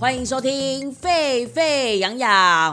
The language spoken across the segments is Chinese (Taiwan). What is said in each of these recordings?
歡迎收聽《吠吠揚養》，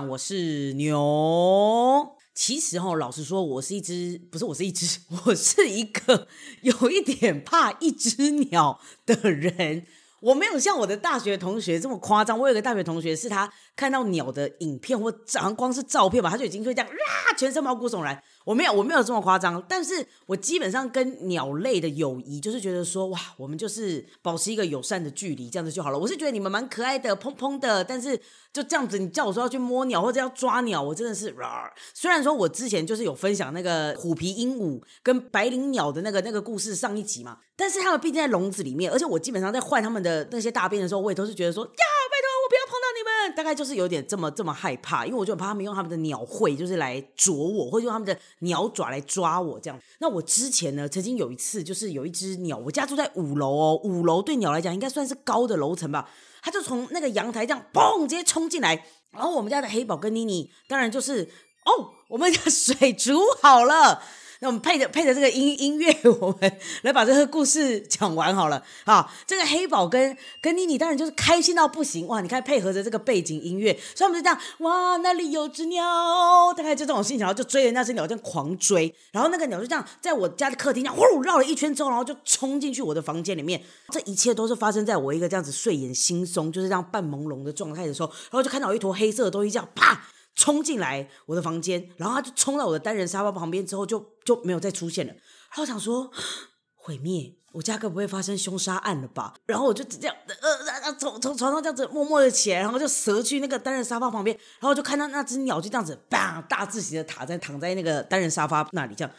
我是牛。其實，哦，老實說，我是一隻，不是我是一隻，我是一個有一點怕一隻鳥的人。我沒有像我的大學同學這麼誇張。我有個大學同學，是他。看到鳥的影片，或好像光是照片吧，他就已經會這樣，啊，全身毛骨悚然。我沒有，我沒有這麼誇張，但是我基本上跟鳥類的友誼就是覺得說，哇，我們就是保持一個友善的距離，這樣子就好了。我是覺得你們蠻可愛的，蓬蓬的，但是就這樣子，你叫我說要去摸鳥或者要抓鳥，我真的是，啊，雖然說我之前就是有分享那個虎皮鸚鵡跟白靈鳥的那個那個故事上一集嘛，但是它們畢竟在籠子裡面，而且我基本上在換他們的那些大便的時候，我也都是覺得說，呀，沒。那大概就是有點這麼這麼害怕，因為我就怕他們用他們的鳥喙，就是來啄我，或者用他們的鳥爪來抓我這樣。那我之前呢，曾經有一次，就是有一隻鳥，我家住在五樓哦，五樓對鳥來講應該算是高的樓層吧，它就從那個陽台這樣嘣直接衝進來，然後我們家的黑寶跟妮妮，當然就是哦，我們家水煮好了。那我們配着配着這個音音樂，我們來把這個故事講完好了。啊，這個黑寶跟跟妮妮當然就是開心到不行哇！你看配合着這個背景音樂，所以我們就這樣哇，那裡有隻鳥，大概就這種心情，然後就追人家隻鳥，就狂追。然後那個鳥就這樣在我家的客廳這樣呼繞了一圈之後，然後就衝進去我的房間裡面。這一切都是發生在我一個這樣子睡眼惺忪，就是這樣半朦朧的狀態的時候，然後就看到一坨黑色的東西這樣啪。衝進來我的房間，然後他就衝到我的單人沙發旁邊，之後就就沒有再出現了。然後我想說毀滅，我家該不會發生兇殺案了吧？然後我就這樣呃、呃，從從床上這樣子默默的起來，然後就折去那個單人沙發旁邊，然後就看到那隻鳥就這樣子砰大字型的躺在躺在那個單人沙發那裡，這樣。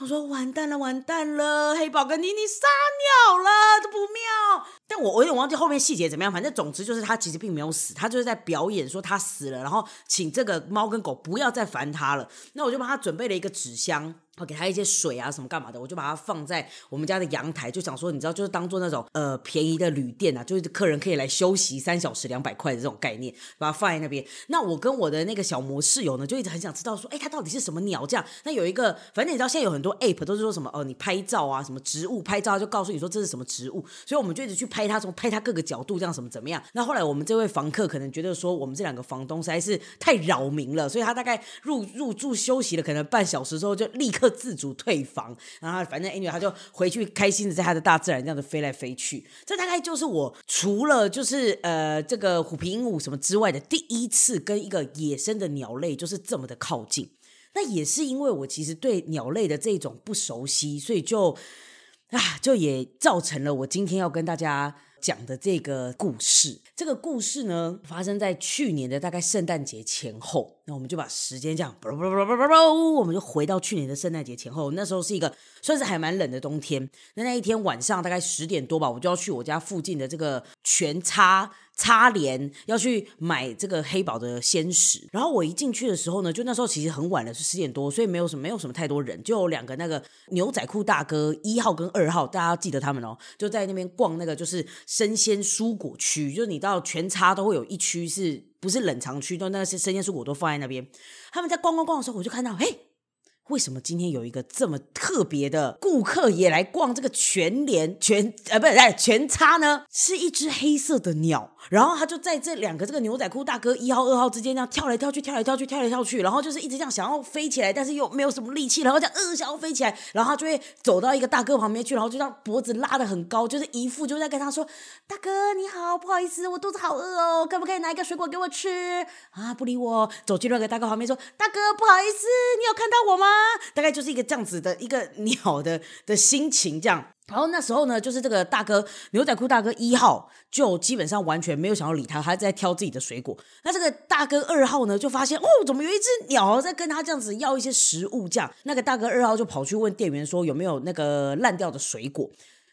我說完蛋了，完蛋了，黑寶哥，你你殺鳥了，都不妙。但我我有點忘記後面細節怎麼樣，反正總之就是他其實並沒有死，他就是在表演說他死了，然後請這個貓跟狗不要再煩他了。那我就幫他準備了一個紙箱，啊，給他一些水啊什麼幹嘛的，我就把它放在我們家的陽台，就想說你知道，就是當做那種呃便宜的旅店啊，就是客人可以來休息三小時兩百塊的這種概念，把它放在那邊。那我跟我的那個小魔室友呢，就一直很想知道說，哎，欸，他到底是什麼鳥？這樣。那有一個反正你知道現在有很多 app 都是說什麼哦，呃，你拍照啊，什麼植物拍照他就告訴你說這是什麼植物，所以我們就一直去。拍他拍他各個角度這樣什麼怎麼樣？那後來我們這位房客可能覺得說我們這兩個房東實在是太擾民了，所以他大概入入住休息了可能半小時之後就立刻自主退房。然後反正艾、anyway、他就回去開心的在他的大自然這樣子飛來飛去。這大概就是我除了就是呃這個虎皮鸚鵡什麼之外的第一次跟一個野生的鳥類就是這麼的靠近。那也是因為我其實對鳥類的這種不熟悉，所以就。啊，就也造成了我今天要跟大家講的這個故事。這個故事呢，發生在去年的大概聖誕節前後。那我們就把時間這樣，啵啵啵啵啵啵，我們就回到去年的聖誕節前後。那時候是一個算是還蠻冷的冬天。那那一天晚上大概十點多吧，我就要去我家附近的這個全聯。全聯要去買這個黑寶的鮮食，然後我一進去的時候呢，就那時候其實很晚了，是十點多，所以沒有什麼沒有什麼太多人，就有兩個那個牛仔褲大哥一號跟二號，大家記得他們哦，就在那邊逛那個就是生鮮蔬果區，就是你到全聯都會有一區是，是不是冷藏區都那些生鮮蔬果都放在那邊，他們在逛逛逛的時候，我就看到嘿，為什麼今天有一個這麼特別的顧客也來逛這個全聯全、全呃不對，在全叉呢？是一隻黑色的鳥，然後他就在這兩個這個牛仔褲大哥一號二號之間這樣跳來跳去跳來跳去跳來跳去，然後就是一直這樣想要飛起來，但是又沒有什麼力氣，然後這樣呃想要飛起來，然後他就會走到一個大哥旁邊去，然後就讓脖子拉得很高，就是一副就在跟他說，大哥你好不好意思，我肚子好餓哦，可不可以拿一個水果給我吃啊？不理我，走進那個大哥旁邊說，大哥不好意思，你有看到我嗎？大概就是一個這樣子的一個鳥的的心情，這樣。然後那時候呢，就是這個大哥牛仔褲大哥一號，就基本上完全沒有想要理他，他在挑自己的水果。那這個大哥二號呢，就發現哦，怎麼有一隻鳥在跟他這樣子要一些食物？這樣，那個大哥二號就跑去問店員說，有沒有那個爛掉的水果？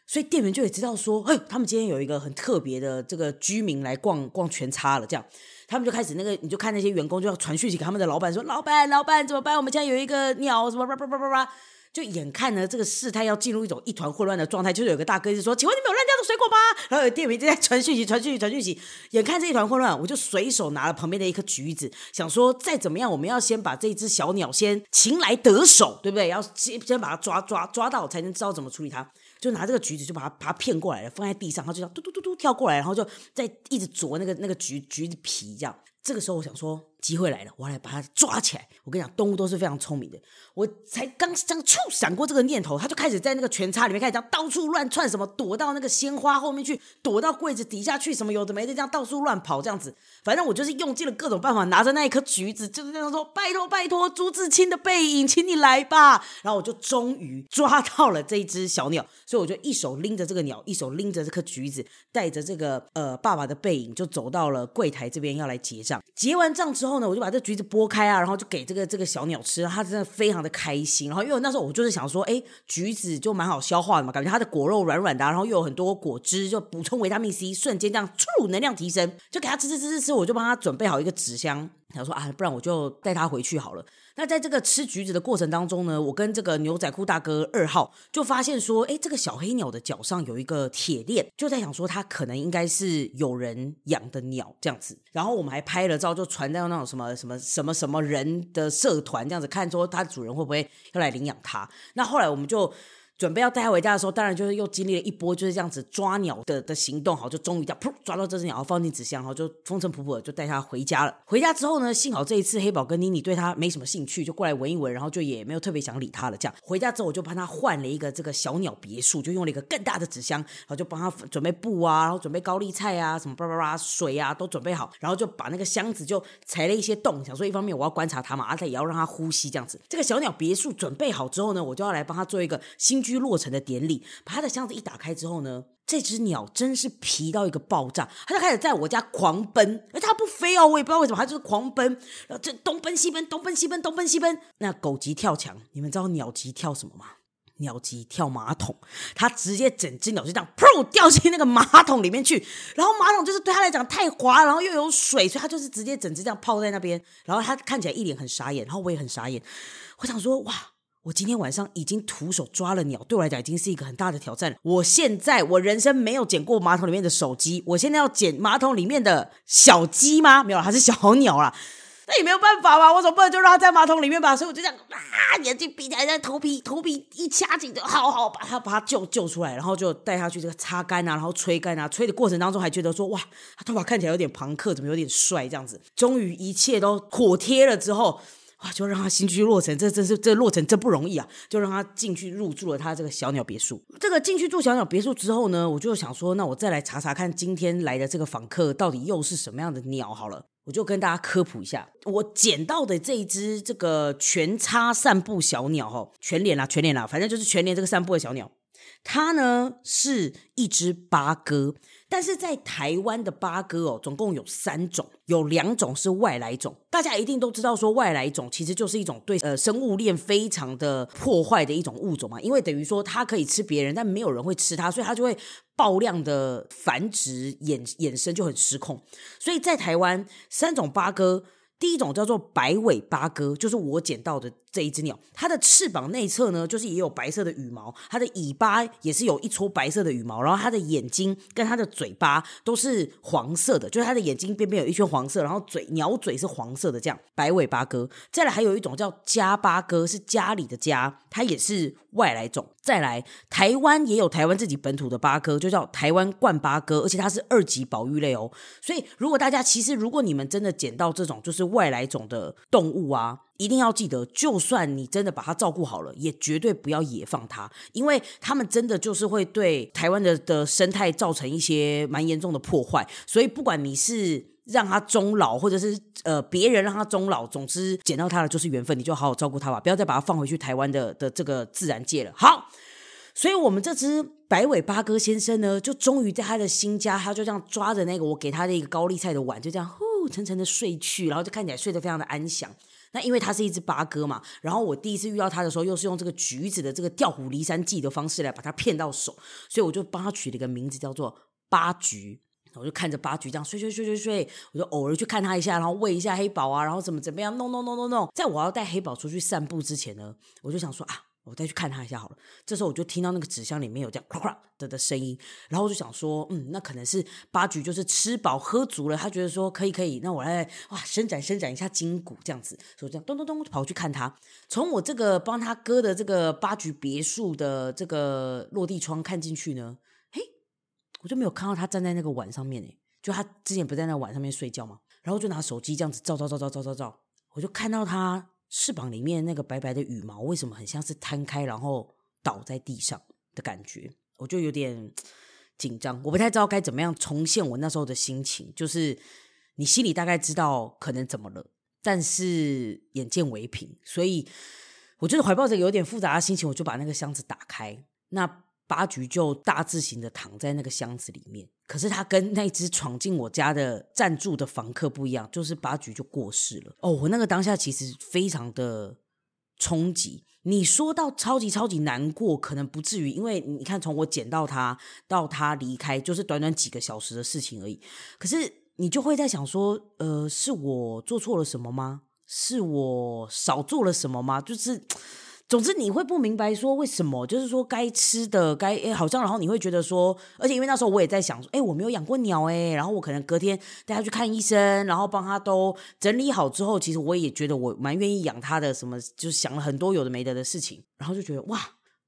所以店員就也知道說，哎，他們今天有一個很特別的這個居民來逛逛全聯了這樣。他們就開始那個，你就看那些員工就要傳訊息給他們的老闆說：“老板，老闆怎麼辦？我們現在有一個鳥，什麼叭叭叭叭叭，就眼看呢這個事態要進入一種一團混亂的狀態。就是有個大哥就說：‘請問你們有爛掉的水果嗎？’然後有店員就在傳訊息、傳訊息、傳訊息。眼看這一團混亂，我就隨手拿了旁邊的一顆橘子，想說再怎麼樣，我們要先把這只小鳥先擒來得手，對不對？要先先把它抓抓抓到，才能知道怎麼處理它。”就拿這個橘子，就把它把它騙過來了，放在地上，然後就叫嘟嘟嘟嘟跳過來，然後就在一直啄那個那個橘橘子皮，這樣。這個時候我想說。機會來了，我來把它抓起來。我跟你講，動物都是非常聰明的。我才剛，剛觸想出閃過這個念頭，它就開始在那個全聯裡面開始這樣到處亂竄，什麼躲到那個鮮花後面去，躲到櫃子底下去，什麼有的沒的這樣到處亂跑，這樣子。反正我就是用盡了各種辦法，拿着那一顆橘子，就是這樣說：“拜托，拜托，朱自清的背影，請你來吧。”然後我就終於抓到了這一隻小鳥，所以我就一手拎着這個鳥，一手拎着這顆橘子，帶着這個呃爸爸的背影，就走到了櫃檯這邊要來結賬。結完賬之後。然後呢，我就把這橘子剝開啊，然後就給這個這個小鳥吃，它真的非常的開心。然後因為那時候我就是想說，哎，橘子就蠻好消化的嘛，感覺它的果肉軟軟的，啊，然後又有很多果汁，就補充維他命 C，瞬間這樣注入能量提升，就給它吃吃吃吃吃，我就幫它準備好一個紙箱，然後說啊，不然我就帶它回去好了。那在這個吃橘子的過程當中呢，我跟這個牛仔褲大哥二號就發現說，哎，這個小黑鳥的腳上有一個鐵鏈，就在想說它可能應該是有人養的鳥這樣子。然後我們還拍了照，就傳到那種什麼什麼什麼什麼人的社團這樣子，看說它的主人會不會要來領養它。那後來我們就。準備要帶他回家的時候，當然就是又經歷了一波就是這樣子抓鳥的的行動，好，就終於要噗，抓到這只鳥，然後放進紙箱，然後就風塵僕僕的就帶他回家了。回家之後呢，幸好這一次黑寶跟妮妮對他沒什麼興趣，就過來聞一聞，然後就也沒有特別想理他了。這樣回家之後，我就幫他換了一個這個小鳥別墅，就用了一個更大的紙箱，然後就幫他準備布啊，然後準備高麗菜啊什麼巴拉巴拉水啊都準備好，然後就把那個箱子就裁了一些洞，想說一方面我要觀察他嘛，而、啊、且也要讓他呼吸這樣子。這個小鳥別墅準備好之後呢，我就要來幫他做一個新居去落成的典禮，把他的箱子一打開之後呢，這隻鳥真是皮到一個爆炸，他就開始在我家狂奔。而且，他不飛哦，我也不知道為什麼，他就是狂奔，然後這東，東奔西奔，東奔西奔，東奔西奔。那狗急跳牆，你們知道鳥急跳什麼嗎？鳥急跳馬桶，他直接整隻鳥就這樣噗掉進那個馬桶裡面去。然後馬桶就是對他來講太滑，然後又有水，所以他就是直接整隻這樣泡在那邊。然後他看起來一臉很傻眼，然後我也很傻眼。我想說，哇！我今天晚上已經徒手抓了鳥，對我來講已經是一個很大的挑戰。我現在我人生沒有撿過馬桶裡面的手機，我現在要撿馬桶裡面的小雞嗎？沒有，它是小鳥啦。那也沒有辦法吧？我總不能就讓它在馬桶裡面吧。所以我就這樣啊，眼睛閉起來，頭皮頭皮一掐緊就好，好好把它把它救救出來，然後就帶它去這個擦乾啊，然後吹乾啊。吹的過程當中還覺得說哇，他頭髮看起來有點龐克，怎麼有點帥這樣子。終於一切都妥貼了之後。啊，就讓他新居落成，這這這落成真不容易啊！就讓他進去入住了他這個小鳥別墅。這個進去住小鳥別墅之後呢，我就想說，那我再來查查看今天來的這個訪客到底又是什麼樣的鳥好了。我就跟大家科普一下，我撿到的這一只這個全聯散步小鳥哈，全聯啦、啊，全聯啦、啊，反正就是全聯這個散步的小鳥。它呢是一隻八哥，但是在台灣的八哥哦，總共有三種，有兩種是外來種。大家一定都知道，說外來種其實就是一種對呃生物鏈非常的破壞的一種物種嘛，因為等於說它可以吃別人，但沒有人會吃它，所以它就會爆量的繁殖，衍衍生就很失控。所以在台灣三種八哥，第一種叫做白尾八哥，就是我撿到的。這一隻鳥，它的翅膀內側呢，就是也有白色的羽毛，它的尾巴也是有一撮白色的羽毛，然後它的眼睛跟它的嘴巴都是黃色的，就是它的眼睛邊邊有一圈黃色，然後嘴鳥嘴是黃色的，這樣白尾八哥。再來還有一種叫家八哥，是家裡的家，它也是外來種。再來台灣也有台灣自己本土的八哥，就叫台灣冠八哥，而且它是二級保育類哦。所以如果大家其實如果你們真的撿到這種就是外來種的動物啊。一定要記得，就算你真的把它照顧好了，也絕對不要野放它，因為他們真的就是會對台灣的的生態造成一些蠻嚴重的破壞。所以，不管你是讓它終老，或者是呃別人讓它終老，總之撿到它的就是緣分，你就好好照顧它吧，不要再把它放回去台灣的的這個自然界了。好，所以我們這只白尾八哥先生呢，就終於在他的新家，他就這樣抓着那個我給他的一個高麗菜的碗，就這樣呼沉沉的睡去，然後就看起來睡得非常的安詳。那因為他是一只八哥嘛，然後我第一次遇到他的時候，又是用這個橘子的這個調虎離山計的方式來把他騙到手，所以我就幫他取了一個名字叫做八橘。我就看着八橘這樣睡睡睡睡睡，我就偶爾去看他一下，然後餵一下黑寶啊，然後怎麼怎麼樣，弄弄弄弄弄。在我要帶黑寶出去散步之前呢，我就想說啊。我再去看他一下好了。這時候我就聽到那個紙箱裡面有這樣“哐哐”的的聲音，然後我就想說，嗯，那可能是八橘就是吃飽喝足了，他覺得說可以可以，那我來哇伸展伸展一下筋骨這樣子。所以我這樣咚咚咚跑去看他，從我這個幫他割的這個八橘別墅的這個落地窗看進去呢，嘿，我就沒有看到他站在那個碗上面哎，就他之前不在那個碗上面睡覺嘛，然後就拿手機這樣子照照照照照照照，照，我就看到他。翅膀裡面那個白白的羽毛，為什麼很像是攤開然後倒在地上的感覺？我就有點緊張，我不太知道該怎麼樣重現我那時候的心情。就是你心裡大概知道可能怎麼了，但是眼見為憑，所以我就是懷抱着有點複雜的心情，我就把那個箱子打開。那。八橘就大字型的躺在那個箱子裡面，可是他跟那只闖進我家的暫住的房客不一樣，就是八橘就過世了。哦，我那個當下其實非常的衝擊。你說到超級超級難過，可能不至於，因為你看從我撿到他到他離開，就是短短幾個小時的事情而已。可是你就會在想說，呃，是我做錯了什麼嗎？是我少做了什麼嗎？就是。總之你會不明白說為什麼，就是說該吃的該誒好像，然後你會覺得說，而且因為那時候我也在想說，哎，我沒有養過鳥哎，然後我可能隔天帶他去看醫生，然後幫他都整理好之後，其實我也覺得我蠻願意養他的什麼，就是想了很多有的沒的的的事情，然後就覺得哇，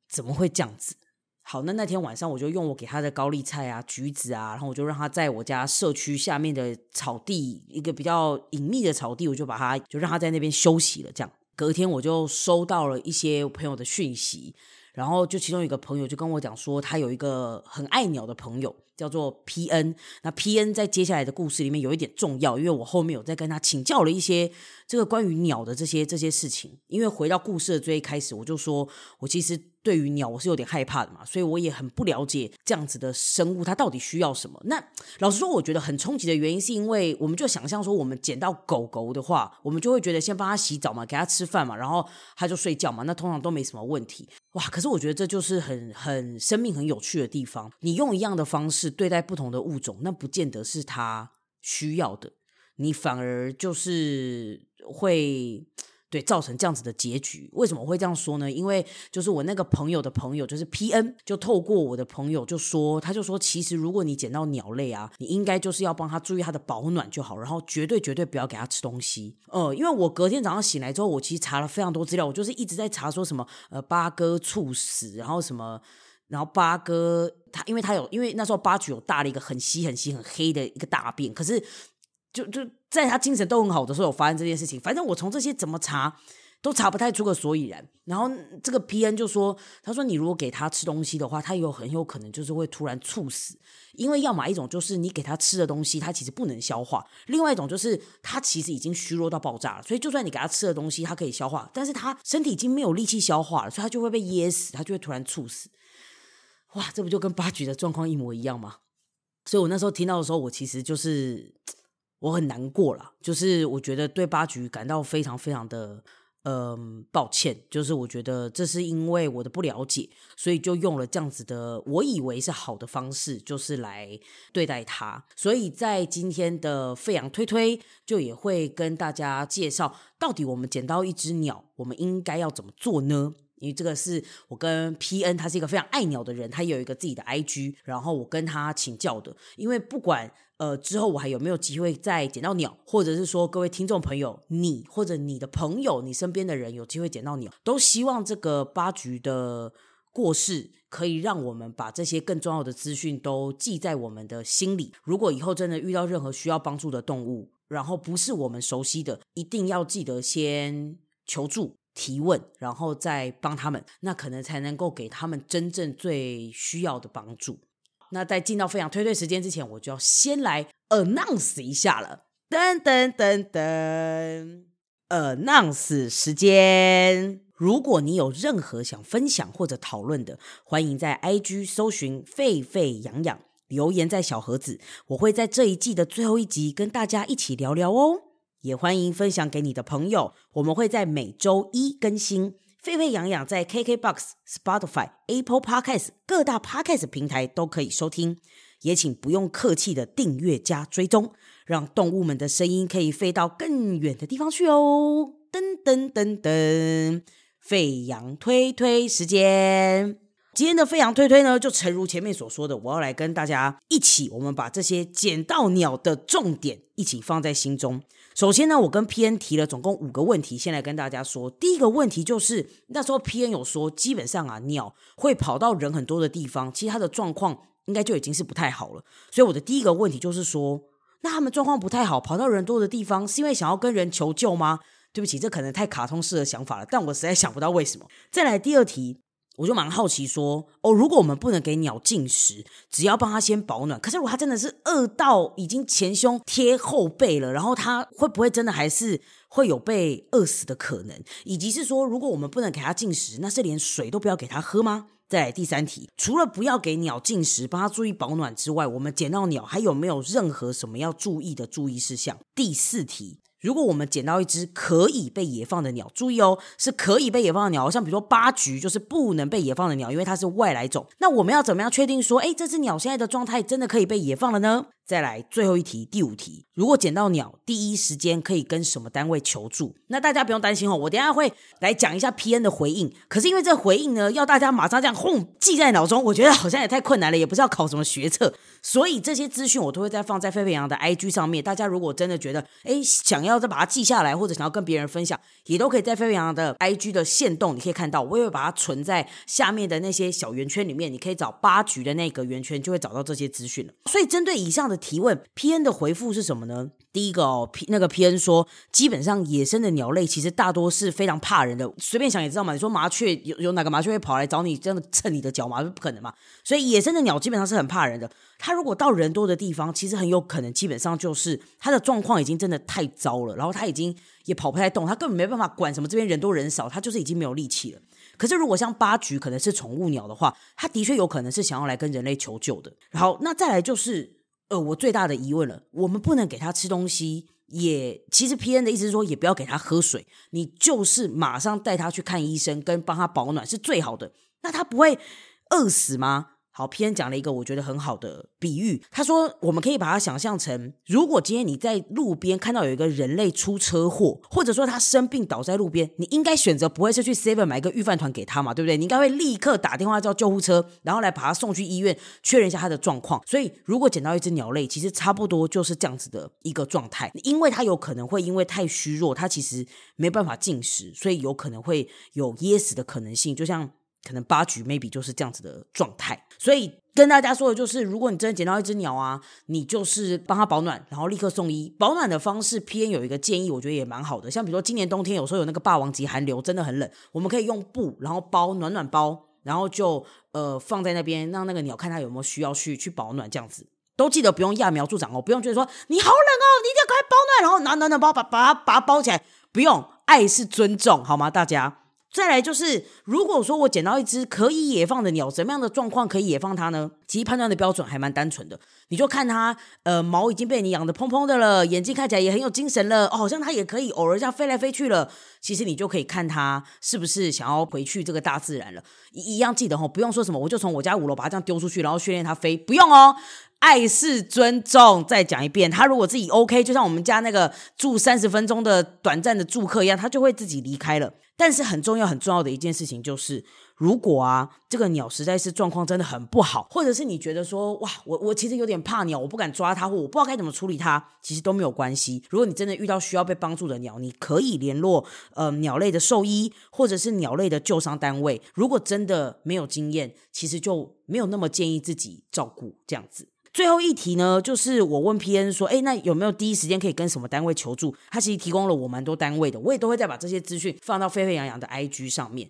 怎麼會這樣子？好，那那天晚上我就用我給他的高麗菜啊、橘子啊，然後我就讓他在我家社區下面的草地，一個比較隱祕的草地，我就把他就讓他在那邊休息了，這樣。隔天我就收到了一些我朋友的訊息，然後就其中有一個朋友就跟我講說，他有一個很愛鳥的朋友叫做 PN。那 PN 在接下來的故事裡面有一點重要，因為我後面有在跟他請教了一些這個關於鳥的這些這些事情。因為回到故事的最一開始，我就說我其實。對於鳥，我是有點害怕的嘛，所以我也很不了解這樣子的生物，它到底需要什麼。那老實說，我覺得很衝擊的原因，是因為我們就想象說，我們撿到狗狗的話，我們就會覺得先幫它洗澡嘛，給它吃飯嘛，然後它就睡覺嘛，那通常都沒什麼問題。哇，可是我覺得這就是很很生命很有趣的地方。你用一樣的方式對待不同的物種，那不見得是它需要的，你反而就是會。對，造成這樣子的結局，為什麼我會這樣說呢？因為就是我那個朋友的朋友，就是 PN，就透過我的朋友就說，他就說，其實如果你撿到鳥類啊，你應該就是要幫他注意他的保暖就好，然後絕對絕對不要給他吃東西。呃，因為我隔天早上醒來之後，我其實查了非常多資料，我就是一直在查說什麼，呃，八哥猝死，然後什麼，然後八哥他因為他有，因為那時候八橘有大了一個很稀很稀很黑的一個大便，可是。就就在他精神都很好的時候，我發現這件事情，反正我從這些怎麼查都查不太出個所以然。然後這個 PN 就說：“他說你如果給他吃東西的話，他有很有可能就是會突然猝死，因為要麼一種就是你給他吃的東西他其實不能消化，另外一種就是他其實已經虛弱到爆炸了，所以就算你給他吃的東西，他可以消化，但是他身體已經沒有力氣消化了，所以他就會被噎死，他就會突然猝死。哇，這不就跟八橘的狀況一模一樣嗎？所以我那時候聽到的時候，我其實就是。”我很難過了，就是我覺得對八橘感到非常非常的嗯、呃，抱歉，就是我覺得這是因為我的不了解，所以就用了這樣子的我以為是好的方式，就是來對待他。所以在今天的吠揚推推就也會跟大家介紹，到底我們撿到一只鳥，我們應該要怎麼做呢？因為這個是我跟 PN，他是一個非常愛鳥的人，他有一個自己的 IG，然後我跟他請教的。因為不管呃之後我還有沒有機會再撿到鳥，或者是說各位聽眾朋友，你或者你的朋友、你身邊的人有機會撿到鳥，都希望這個八橘的過世可以讓我們把這些更重要的資訊都記在我們的心裡。如果以後真的遇到任何需要幫助的動物，然後不是我們熟悉的，一定要記得先求助。提問，然後再幫他們，那可能才能夠給他們真正最需要的幫助。那在進到吠養推推時間之前，我就要先來 announce 一下了。等等等等，announce 時間。如果你有任何想分享或者討論的，歡迎在 IG 搜尋“吠吠揚養”，留言在小盒子，我會在這一季的最後一集跟大家一起聊聊哦。也歡迎分享給你的朋友，我們會在每周一更新。吠吠揚養在 KKBOX、Spotify、Apple Podcast 各大 Podcast 平台都可以收聽，也請不用客氣的訂閱加追蹤，讓動物們的聲音可以飛到更遠的地方去哦！噔噔噔噔，吠揚推推時間，今天的吠揚推推呢，就誠如前面所說的，我要來跟大家一起，我們把這些撿到鳥的重點一起放在心中。首先呢，我跟 PN 提了總共五個問題，先來跟大家說。第一個問題就是，那時候 PN 有說，基本上啊，鳥會跑到人很多的地方，其實它的狀況應該就已經是不太好了。所以我的第一個問題就是說，那它們狀況不太好，跑到人多的地方，是因為想要跟人求救嗎？對不起，這可能太卡通式的想法了，但我實在想不到為什麼。再來第二題。我就蠻好奇說，哦，如果我們不能給鳥進食，只要幫它先保暖。可是如果它真的是餓到已經前胸貼後背了，然後它會不會真的還是會有被餓死的可能？以及是說，如果我們不能給它進食，那是連水都不要給它喝嗎？再來第三題，除了不要給鳥進食，幫它注意保暖之外，我們撿到鳥還有沒有任何什麼要注意的注意事項？第四題。如果我們撿到一隻可以被野放的鳥，注意哦，是可以被野放的鳥，像比如說八橘就是不能被野放的鳥，因為它是外來種。那我們要怎麼樣確定說，哎，這隻鳥現在的狀態真的可以被野放了呢？再來最後一題，第五題，如果撿到鳥，第一時間可以跟什麼單位求助？那大家不用擔心哦，我等一下會來講一下 P N 的回應。可是因為這回應呢，要大家馬上這樣轟記在腦中，我覺得好像也太困難了，也不是要考什麼學測，所以這些資訊我都會再放在吠吠揚養的 I G 上面。大家如果真的覺得哎想要再把它記下來，或者想要跟別人分享，也都可以在吠吠揚養的 I G 的限動，你可以看到，我也會把它存在下面的那些小圓圈裡面。你可以找八橘的那個圓圈，就會找到這些資訊了。所以針對以上的。提問 P N 的回復是什麼呢？第一個哦，P 那個 P N 說，基本上野生的鳥類其實大多是非常怕人的。隨便想也知道嘛，你說麻雀有，有哪個麻雀會跑來找你，這樣蹭你的腳嘛？是不可能嘛。所以野生的鳥基本上是很怕人的。它如果到人多的地方，其實很有可能，基本上就是它的狀況已經真的太糟了，然後它已經也跑不太動，它根本沒辦法管什麼這邊人多人少，它就是已經沒有力氣了。可是如果像八橘可能是寵物鳥的話，它的確有可能是想要來跟人類求救的。然後那再來就是。呃，我最大的疑問了，我們不能給他吃東西，也其實 PN 的意思是說也不要給他喝水，你就是馬上帶他去看醫生，跟幫他保暖是最好的，那他不會餓死嗎？好，別講了一個我覺得很好的比喻。他說，我們可以把它想象成，如果今天你在路邊看到有一個人類出車禍，或者說他生病倒在路邊，你應該選擇不會是去 Seven 買一個御飯糰給他嘛，對不對？你應該會立刻打電話叫救護車，然後來把他送去醫院確認一下他的狀況。所以，如果撿到一只鳥類，其實差不多就是這樣子的一個狀態，因為他有可能會因為太虛弱，他其實沒辦法進食，所以有可能會有噎死的可能性，就像。可能八橘 maybe 就是這樣子的狀態，所以跟大家說的就是，如果你真的撿到一只鳥啊，你就是幫它保暖，然後立刻送醫。保暖的方式，偏有一個建議，我覺得也蠻好的。像比如說今年冬天，有時候有那個霸王級寒流，真的很冷，我們可以用布然後包暖暖包，然後就呃放在那邊，讓那個鳥看它有沒有需要去去保暖這樣子。都記得不用揠苗助長哦，不用覺得說你好冷哦，你一定要趕快保暖，然後拿暖暖包把把它把它包起來。不用，愛是尊重，好嗎？大家。再來就是，如果說我撿到一隻可以野放的鳥，什麼樣的狀況可以野放它呢？其實判斷的標準還蠻單純的，你就看它，呃，毛已經被你養得蓬蓬的了，眼睛看起來也很有精神了，哦、好像它也可以偶爾這樣飛來飛去了。其實你就可以看它是不是想要回去這個大自然了。一樣記得吼、哦，不用說什麼，我就從我家五樓把它這樣丢出去，然後訓練它飛，不用哦。愛是尊重，再講一遍。他如果自己 OK，就像我們家那個住三十分鐘的短暫的住客一樣，他就會自己離開了。但是很重要、很重要的一件事情就是，如果啊，這個鳥實在是狀況真的很不好，或者是你覺得說，哇，我我其實有點怕鳥，我不敢抓它，或我不知道該怎麼處理它，其實都沒有關係。如果你真的遇到需要被幫助的鳥，你可以聯絡呃鳥類的獸醫或者是鳥類的救傷單位。如果真的沒有經驗，其實就沒有那麼建議自己照顧這樣子。最後一題呢，就是我問 PN 說，哎，那有沒有第一時間可以跟什麼單位求助？他其實提供了我蠻多單位的，我也都會再把這些資訊放到吠吠揚養的 IG 上面。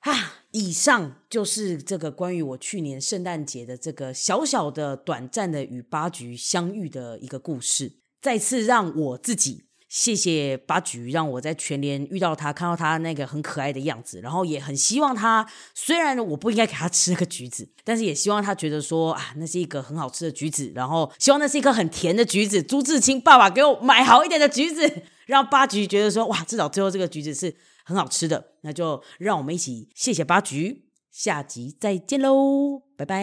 啊，以上就是這個關於我去年聖誕節的這個小小的、短暫的與八橘相遇的一個故事，再次讓我自己。謝謝八橘，讓我在全聯遇到他，看到他那個很可愛的樣子，然後也很希望他。雖然我不應該給他吃那個橘子，但是也希望他覺得說啊，那是一個很好吃的橘子，然後希望那是一個很甜的橘子。朱自清爸爸給我買好一點的橘子，讓八橘覺得說哇，至少最後這個橘子是很好吃的。那就讓我們一起謝謝八橘，下集再見嘍，拜拜。